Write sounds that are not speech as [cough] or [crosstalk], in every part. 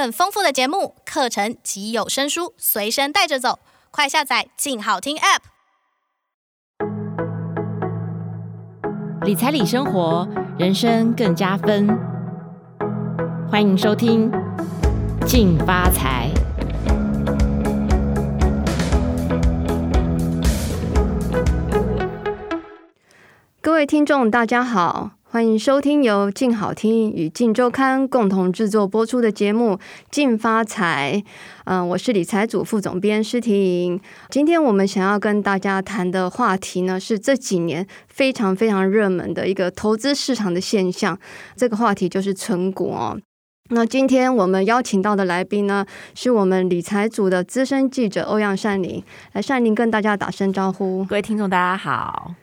更豐富的節目、課程及有聲書隨身帶着走，快下載“靜好聽 ”App。理財理生活，人生更加分。歡迎收聽《靜發財》。各位聽眾，大家好。歡迎收聽由靜好聽與靜周刊共同制作播出的節目《靜發財》。嗯、呃，我是理財組副總編施婷。今天我們想要跟大家談的話題呢，是這幾年非常非常熱門的一個投資市場的現象。這個話題就是存股、哦、那今天我們邀請到的來賓呢，是我們理財組的資深記者歐陽善林。來，善林跟大家打聲招呼。各位聽眾，大家好。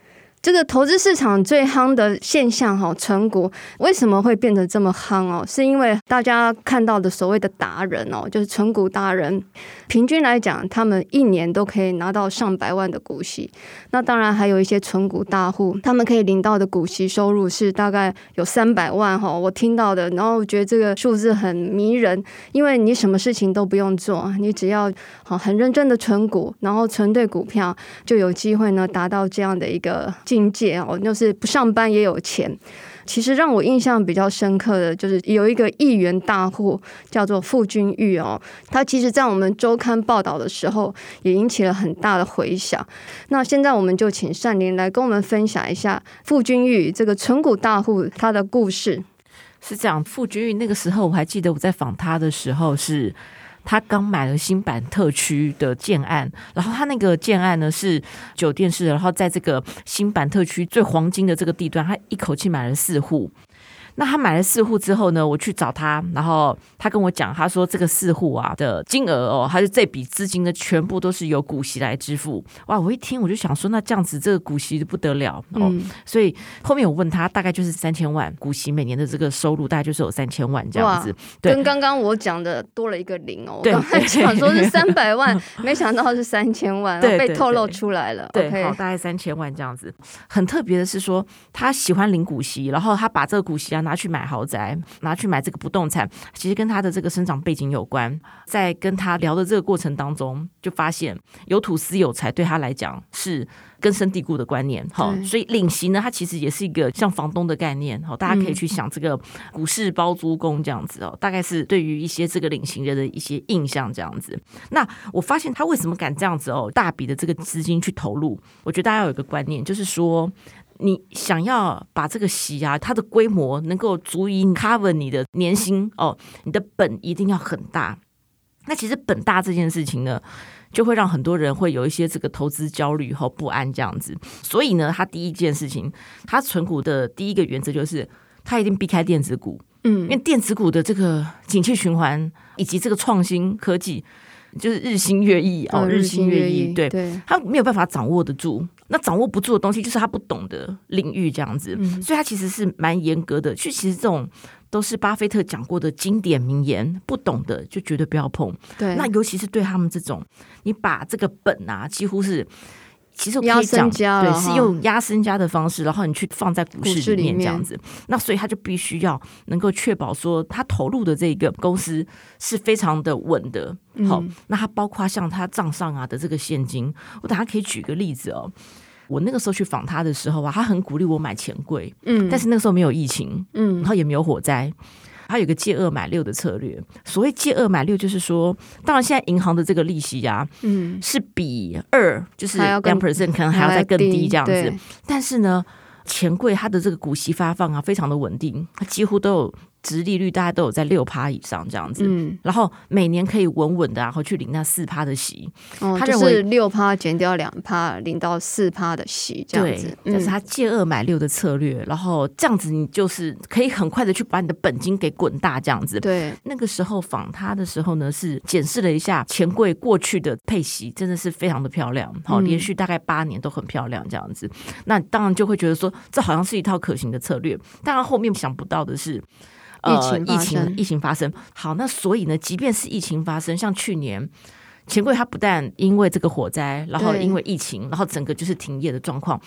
這個投資市場最夯的現象哈，存股為什麼會變得這麼夯哦？是因為大家看到的所謂的達人哦，就是存股達人，平均來講，他們一年都可以拿到上百萬的股息。那當然，還有一些存股大戶，他們可以領到的股息收入是大概有三百萬哈，我聽到的。然後我覺得這個數字很迷人，因為你什麼事情都不用做，你只要好很認真的存股，然後存對股票，就有機會呢達到這樣的一個。中介哦，就是不上班也有錢。其實讓我印象比較深刻的就是有一個億元大戶叫做傅君玉哦，他其實在我們周刊報道的時候也引起了很大的回響。那現在我們就請善林來跟我們分享一下傅君玉這個存股大戶他的故事。是這樣，傅君玉那個時候我還記得我在訪他的時候是。他剛買了新板特區的建案，然後他那個建案呢是酒店式的，然後在這個新板特區最黃金的這個地段，他一口氣買了四戶。那他買了四戶之後呢？我去找他，然後他跟我講，他說這個四戶啊的金額哦，他就這筆資金呢，全部都是由股息來支付。哇！我一聽我就想說，那這樣子這個股息就不得了哦。嗯、所以後面我問他，大概就是三千萬股息每年的這個收入，大概就是有三千萬這樣子。哇對跟剛剛我講的多了一個零哦。對對對，我剛才想說是三百萬， [laughs] 沒想到是三千萬，被透露出來了。對，好，大概三千萬這樣子。很特別的是說，他喜歡領股息，然後他把這個股息啊。拿去買豪宅，拿去買這個不動產，其實跟他的這個生長背景有關。在跟他聊的這個過程當中，就發現有土斯有財，對他來講是根深蒂固的觀念。好對，所以領息呢，它其實也是一個像房東的概念。好，大家可以去想這個股市包租公這樣子哦，嗯、大概是對於一些這個領息人的一些印象這樣子。那我發現他為什麼敢這樣子哦，大筆的這個資金去投入？我覺得大家有一個觀念，就是說。你想要把這個息啊，它的規模能夠足以 cover 你的年薪哦，你的本一定要很大。那其實本大這件事情呢，就會讓很多人會有一些這個投資焦慮和不安這樣子。所以呢，他第一件事情，他存股的第一個原則就是，他一定避開電子股。嗯，因為電子股的這個景氣循環以及這個創新科技，就是日新月異對哦，日新月異。對，他對沒有辦法掌握得住。那掌握不住的東西，就是他不懂的領域，這樣子，嗯、所以他其實是蠻嚴格的。去其實這種都是巴菲特講過的經典名言，不懂的就絕對不要碰。對，那尤其是對他們這種，你把這個本啊，幾乎是。其實我可以講，對，是用壓身家的方式，然後你去放在股市裡面這樣子。那所以他就必須要能夠確保說他投入的這一個公司是非常的穩的。嗯、好，那他包括像他賬上啊的這個現金，我等下可以舉個例子哦。我那個時候去訪他的時候啊，他很鼓勵我買錢櫃，嗯，但是那個時候沒有疫情，嗯，然後也沒有火災。他有一個借二買六的策略。所謂借二買六，就是說，當然現在銀行的這個利息呀、啊，嗯，是比二就是兩 percent 可能還要再更低這樣子。但是呢，錢櫃它的這個股息發放啊，非常的穩定，它幾乎都有。殖利率大家都有在六趴以上這樣子，嗯、然後每年可以穩穩的、啊，然後去領那四趴的息。嗯、他認為六趴減掉兩趴，領到四趴的息。這樣子，對嗯、就是他借二買六的策略。然後這樣子，你就是可以很快的去把你的本金給滾大這樣子。對，那個時候訪他的時候呢，是檢視了一下錢櫃過去的配息，真的是非常的漂亮，好、嗯，連續大概八年都很漂亮這樣子。那當然就會覺得說，這好像是一套可行的策略。但後面想不到的是，呃，疫情疫情疫情發生，好，那所以呢，即便是疫情發生，像去年錢櫃，它不但因為這個火災，然後因為疫情，然後整個就是停業的狀況。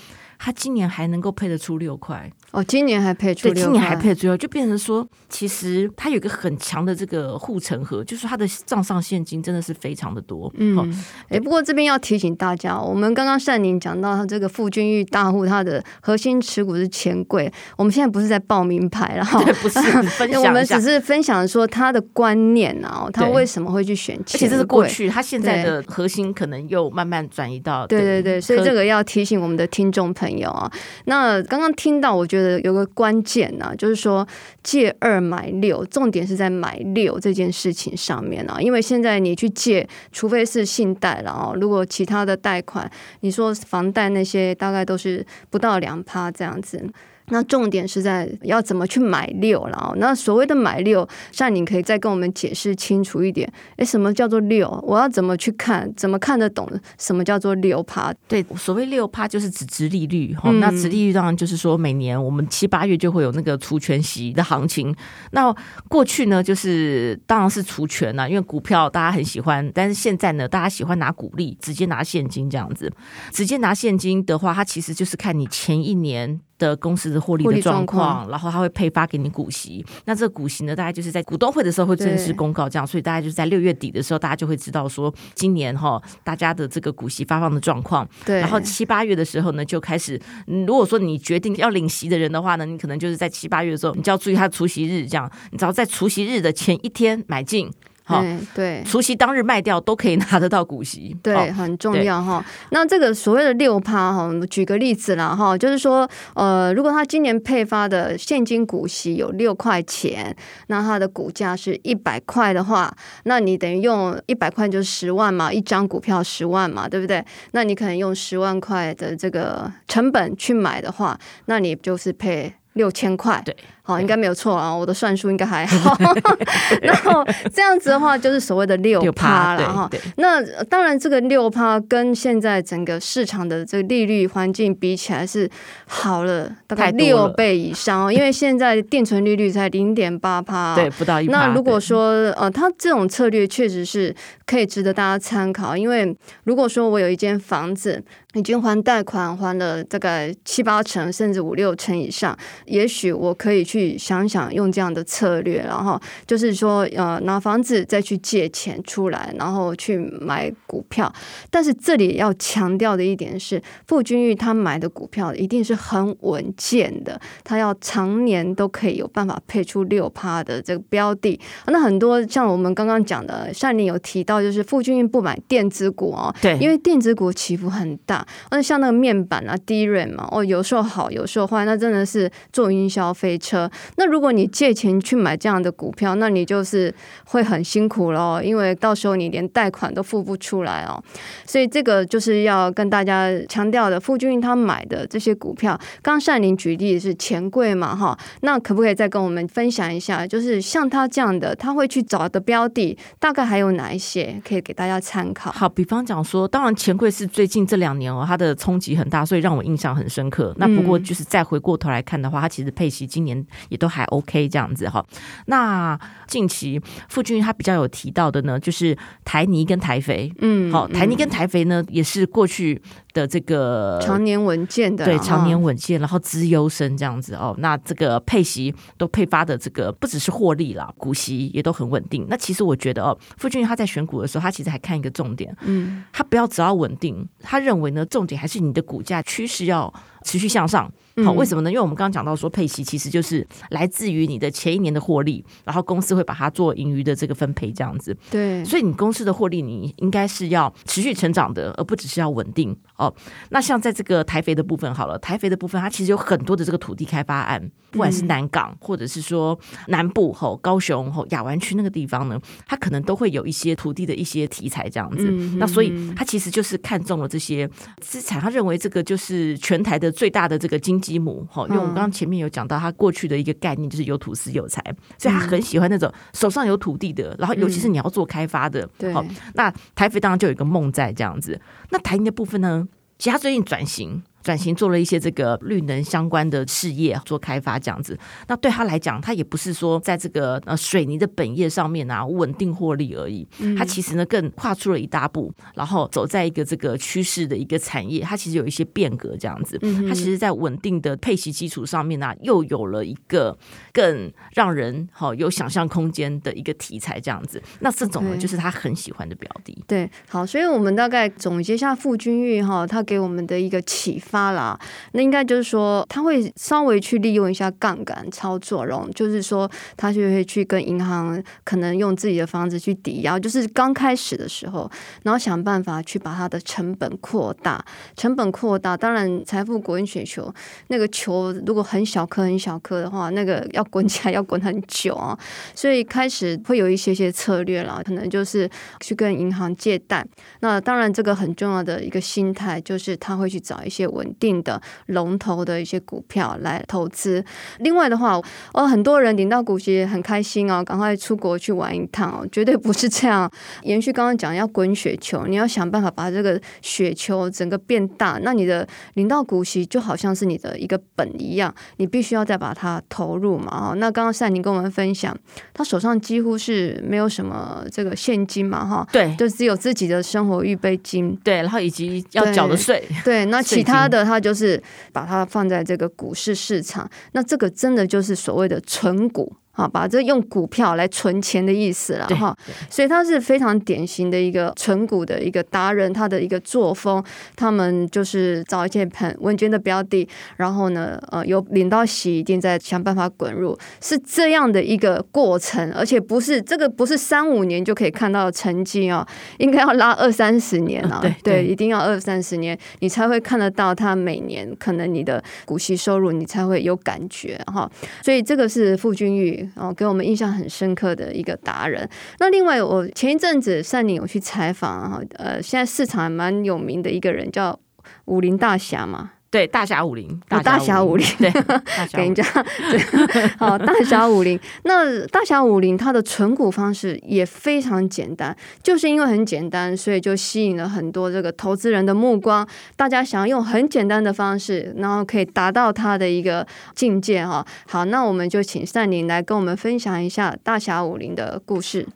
他今年還能夠配得出六塊哦，今年還配出六，對，今年還配出六，就變成說，其實他有一個很強的這個護城河，就是他的賬上現金真的是非常的多，嗯，哎、哦欸，不過這邊要提醒大家，我們剛剛善寧講到他這個傅君玉大戶，他的核心持股是錢櫃，我們現在不是在報名牌然後，不是 [laughs] 分享，我們只是分享說他的觀念啊，對他為什麼會去選錢櫃，而且這是過去，他現在的核心可能又慢慢轉移到對對對，所以這個要提醒我們的聽眾朋友。有啊，那剛剛聽到，我覺得有個關鍵呢、啊，就是說借二買六，重點是在買六這件事情上面啊，因為現在你去借，除非是信貸了哦，如果其他的貸款，你說房貸那些，大概都是不到兩趴這樣子。那重點是在要怎麼去買六，然後那所謂的買六，像你可以再跟我們解釋清楚一點。哎，什麼叫做六？我要怎麼去看？怎麼看得懂？什麼叫做六趴？對，所謂六趴就是指殖利率哈、嗯哦。那殖利率當然就是說每年我們七八月就會有那個除權息的行情。那過去呢，就是當然是除權了、啊、因為股票大家很喜歡。但是現在呢，大家喜歡拿股利，直接拿現金這樣子。直接拿現金的話，它其實就是看你前一年。的公司的獲利的狀況，然後他會配發給你股息。那這個股息呢，大概就是在股東會的時候會正式公告，這樣，對所以大家就是在六月底的時候，大家就會知道說今年哈、哦，大家的這個股息發放的狀況。對，然後七八月的時候呢，就開始，如果說你決定要領息的人的話呢，你可能就是在七八月的時候，你就要注意他的除息日，這樣，你只要在除息日的前一天買進。對對，對除息當日賣掉都可以拿得到股息，對，哦、很重要哈。對那這個所謂的六趴哈，我們舉個例子啦哈，就是說，呃，如果他今年配發的現金股息有六塊錢，那他的股價是一百塊的話，那你等於用一百塊就是十萬嘛，一張股票十萬嘛，對不對？那你可能用十萬塊的這個成本去買的話，那你就是配六千塊，對。好，應該沒有錯啊，我的算術應該還好。 [laughs] 然後這樣子的話，就是所謂的六趴了哈。啦對對對那當然，這個六趴跟現在整個市場的這個利率環境比起來是好了大概六倍以上哦，多因為現在定存利率才零點八趴，啊、對，不到一。那如果說呃，他這種策略確實是可以值得大家參考，因為如果說我有一間房子已經還貸款還了大概七八成，甚至五六成以上，也許我可以去。去想想用這樣的策略，然後就是說，呃，拿房子再去借錢出來，然後去買股票。但是這裡要強調的一點是，對傅君玉他買的股票一定是很穩健的，他要常年都可以有辦法配出六趴的這個標的，啊。那很多像我們剛剛講的，像你有提到，就是傅君玉不買電子股哦，對，因為電子股起伏很大。那像那個面板啊、DRAM 嘛，哦，有時候好，有時候壞，那真的是坐雲霄飛車。那如果你借錢去買這樣的股票，那你就是會很辛苦嘍，因為到時候你連貸款都付不出來哦。所以這個就是要跟大家強調的。傅俊他買的這些股票，剛善林舉例是錢櫃嘛，哈，那可不可以再跟我們分享一下？就是像他這樣的，他會去找的標的，大概還有哪一些可以給大家參考？好，比方講說，當然錢櫃是最近這兩年哦，它的衝擊很大，所以讓我印象很深刻。那不過就是再回過頭來看的話，他其實配息今年。也都還 OK 這樣子哈。那近期傅俊他比較有提到的呢，就是台泥跟台肥。嗯，好，台泥跟台肥呢也是過去。的這個常年穩健的，對，常年穩健，哦、然後資優生這樣子哦，那這個配息都配發的這個不只是獲利啦，股息也都很穩定。那其實我覺得哦，傅俊他在選股的時候，他其實還看一個重點，嗯，他不要只要穩定，他認為呢重點還是你的股價趨勢要持續向上。好、嗯哦，為什麼呢？因為我們剛剛講到說配息其實就是來自於你的前一年的獲利，然後公司會把它做盈餘的這個分配這樣子。對，所以你公司的獲利，你應該是要持續成長的，而不只是要穩定。哦，那像在這個台肥的部分好了，台肥的部分，它其實有很多的這個土地開發案，不管是南港、嗯、或者是說南部吼、高雄吼、亞灣區那個地方呢，它可能都會有一些土地的一些題材這樣子。嗯嗯嗯，那所以他其實就是看中了這些資產，他認為這個就是全台的最大的這個金雞母吼、哦，因為我們剛剛前面有講到，他過去的一個概念就是有土斯有財，所以他很喜歡那種手上有土地的，然後尤其是你要做開發的。對、嗯，好、哦，那台肥當然就有一個夢在這樣子。那台銀的部分呢？加最近轉型，轉型做了一些這個綠能相關的事業做開發這樣子，那對他來講，他也不是說在這個呃水泥的本業上面啊穩定獲利而已，他其實呢更跨出了一大步，然後走在一個這個趨勢的一個產業，它其實有一些變革這樣子，他其實，在穩定的配息基礎上面呢、啊，又有了一個更讓人好、哦、有想象空間的一個題材這樣子，那這種呢就是他很喜歡的標的對。對，好，所以我們大概總結一下傅君玉哈、哦，他給我們的一個啟。發了，那應該就是說他會稍微去利用一下槓桿操作，然就是說他就會去跟銀行可能用自己的房子去抵押，就是剛開始的時候，然後想辦法去把它的成本擴大。成本擴大，當然財富滾雪球，那個球如果很小顆很小顆的話，那個要滾起來要滾很久啊。所以開始會有一些些策略了，可能就是去跟銀行借貸。那當然這個很重要的一個心態就是他會去找一些穩定的龍頭的一些股票來投資。另外的話，哦，很多人領到股息很開心哦，趕快出國去玩一趟哦，絕對不是這樣。延續剛剛講，要滾雪球，你要想辦法把這個雪球整個變大。那你的領到股息就好像是你的一個本一樣，你必須要再把它投入嘛。哦，那剛剛賽你跟我們分享，他手上幾乎是沒有什麼這個現金嘛，哈，對，就只有自己的生活預備金，對，然後以及要繳的稅，對，稅金。對，那其他。的，它就是把它放在這個股市市場，那這個真的就是所謂的存股。好、啊，把這用股票來存錢的意思了哈，所以他是非常典型的一個存股的一個達人，他的一個作風，他們就是找一些盤穩健的標的，然後呢，呃，有領到息，一定再想辦法滾入，是這樣的一個過程，而且不是這個不是三五年就可以看到成績哦，應該要拉二三十年啊、哦，哦、對，對，對，一定要二三十年，你才會看得到他每年可能你的股息收入，你才會有感覺哈、哦，所以這個是傅君玉。哦，給我們印象很深刻的一個達人。那另外，我前一陣子上你有去採訪，啊，哈，呃，現在市場還蠻有名的一個人叫武林大俠嘛。對，大俠武林，大俠武林，給人家對 [laughs] 好，大俠武林。 [laughs] 那大俠武林它的存股方式也非常簡單，就是因為很簡單，所以就吸引了很多這個投資人的目光。大家想要用很簡單的方式，然後可以達到它的一個境界哈。好，那我們就請善寧來跟我們分享一下大俠武林的故事。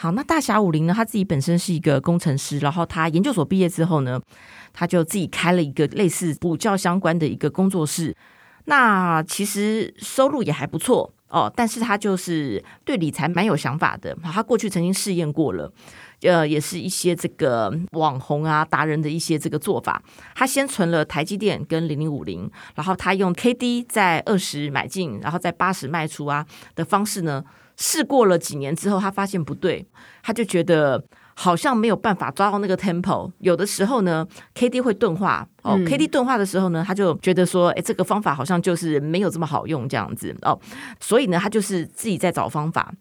好，那大俠武林呢？他自己本身是一個工程師，然後他研究所畢業之後呢，他就自己開了一個類似補教相關的一個工作室。那其實收入也還不錯哦，但是他就是對理財蠻有想法的。他過去曾經試驗過了，呃，也是一些這個網紅啊達人的一些這個做法。他先存了台積電跟零零五零，然後他用 KD 在二十買進，然後在八十賣出啊的方式呢。試過了幾年之後，他發現不對，他就覺得好像沒有辦法抓到那個 tempo。有的時候呢，K D 會鈍化哦，嗯，K D 鈍化的時候呢，他就覺得說，哎，這個方法好像就是沒有這麼好用這樣子哦，所以呢，他就是自己在找方法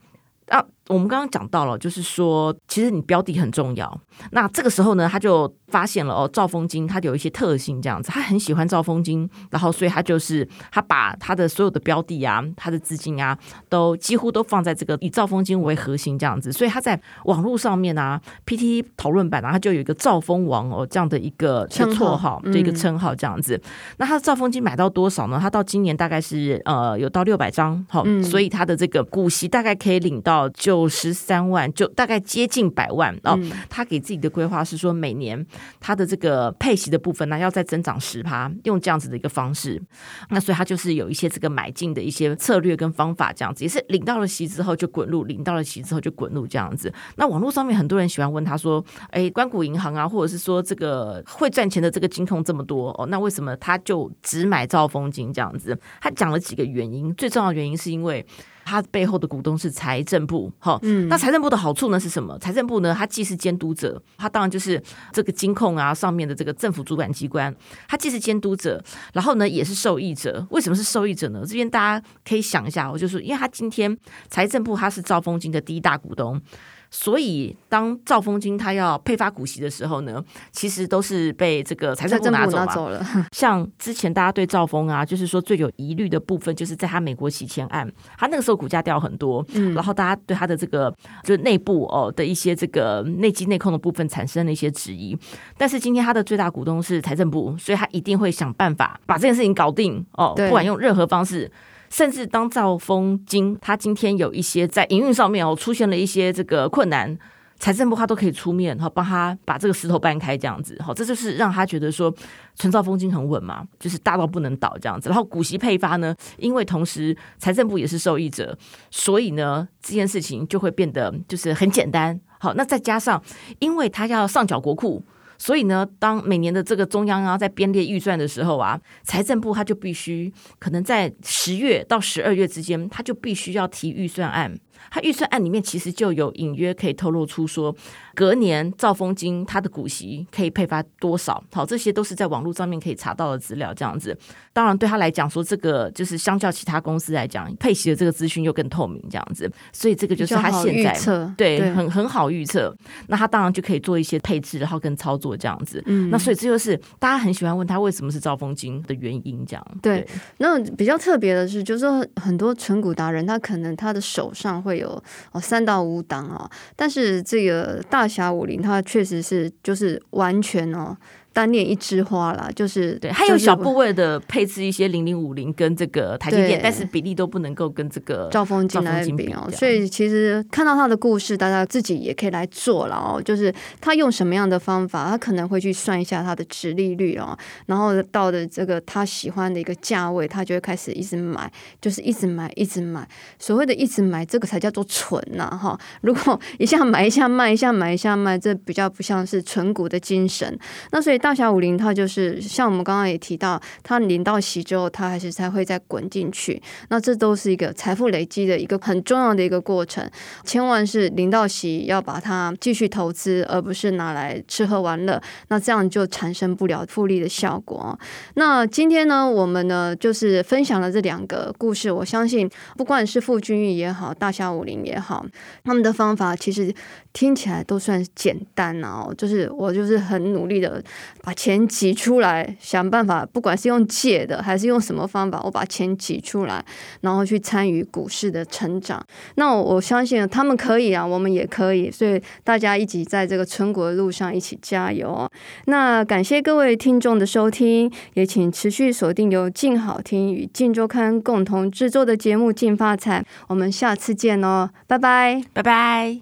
啊。我們剛剛講到了，就是說，其實你標的很重要。那這個時候呢，他就發現了哦，兆豐金它有一些特性，這樣子，他很喜歡兆豐金，然後所以他就是他把他的所有的標的啊，他的資金啊，都幾乎都放在這個以兆豐金為核心這樣子。所以他在網絡上面啊，PTT 討論版、啊，然後就有一個兆豐王哦這樣的一個稱號的、嗯、一個稱號這樣子。嗯、那他的兆豐金買到多少呢？他到今年大概是呃有到六百張，好、哦，嗯、所以他的這個股息大概可以領到就。九十三萬，就大概接近百萬哦。嗯、他給自己的規劃是說，每年他的這個配息的部分呢，要再增長十趴，用這樣子的一個方式。嗯、那所以他就是有一些這個買進的一些策略跟方法，這樣子也是領到了息之後就滾入，領到了息之後就滾入這樣子。那網絡上面很多人喜歡問他說：“哎，官股銀行啊，或者是說這個會賺錢的這個金控這麼多哦，那為什麼他就只買兆豐金這樣子？”他講了幾個原因，最重要的原因是因為。他背後的股東是財政部，哈、哦，那、嗯、財政部的好處呢是什麼？財政部呢，它既是監督者，它當然就是這個金控啊上面的這個政府主管機關，它既是監督者，然後呢也是受益者。為什麼是受益者呢？這邊大家可以想一下、哦，我就是因為他今天財政部他是兆豐金的第一大股東。所以，當兆豐金他要配發股息的時候呢，其實都是被這個財政部拿走了。像之前大家對兆豐啊，就是說最有疑慮的部分，就是在他美國洗錢案，他那個時候股價掉很多，嗯，然後大家對他的這個就是內部哦的一些這個內稽內控的部分產生了一些質疑。但是今天他的最大股東是財政部，所以他一定會想辦法把這件事情搞定哦，對不管用任何方式。甚至當兆豐金他今天有一些在營運上面哦出現了一些這個困難，財政部他都可以出面然後幫他把這個石頭搬開這樣子好，這就是讓他覺得說，存兆豐金很穩嘛，就是大到不能倒這樣子。然後股息配發呢，因為同時財政部也是受益者，所以呢這件事情就會變得就是很簡單。好，那再加上因為他要上繳國庫。所以呢，當每年的這個中央啊在編列預算的時候啊，財政部他就必須可能在十月到十二月之間，他就必須要提預算案。他預算案裡面其實就有隱約可以透露出說，隔年兆豐金他的股息可以配發多少。好，這些都是在網絡上面可以查到的資料，這樣子。當然對他來講，說這個就是相較其他公司來講，配息的這個資訊又更透明，這樣子。所以這個就是他現在對預測對很很好預測。那他當然就可以做一些配置，然後跟操作這樣子。嗯、那所以這就是大家很喜歡問他為什麼是兆豐金的原因，這樣。嗯、對。那比較特別的是，就是很多存股達人，他可能他的手上。會有哦三到五檔哦、啊，但是這個大俠武林，它確實是就是完全哦、啊。單戀一枝花啦，就是、就是、對，還有小部位的配置一些零零五零跟這個台積電，對但是比例都不能夠跟這個兆豐金來比。所以其實看到他的故事，大家自己也可以來做了哦。就是他用什麼樣的方法，他可能會去算一下他的殖利率哦，然後到的這個他喜歡的一個價位，他就會開始一直買，就是一直買，一直買。所謂的一直買，這個才叫做存吶哈！如果一下買一下賣，一下買一下賣，這比較不像是存股的精神。那所以大俠武林，它就是像我們剛剛也提到，它領到息之後，它還是才會再滾進去。那這都是一個財富累積的一個很重要的一個過程。千萬是領到息，要把它繼續投資，而不是拿來吃喝玩樂。那這樣就產生不了複利的效果。那今天呢，我們呢就是分享了這兩個故事。我相信，不管是傅君玉也好，大俠武林也好，他們的方法其實。聽起來都算簡單哦、啊，就是我就是很努力的把錢擠出來，想辦法，不管是用借的還是用什麼方法，我把錢擠出來，然後去參與股市的成長。那我，我相信他們可以啊，我們也可以，所以大家一起在這個存股的路上一起加油哦！那感謝各位聽眾的收聽，也請持續鎖定由鏡好聽與鏡週刊共同製作的節目《鏡發財》，我們下次見哦，拜拜，拜拜。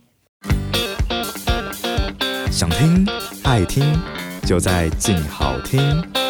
想聽、愛聽，就在鏡好聽。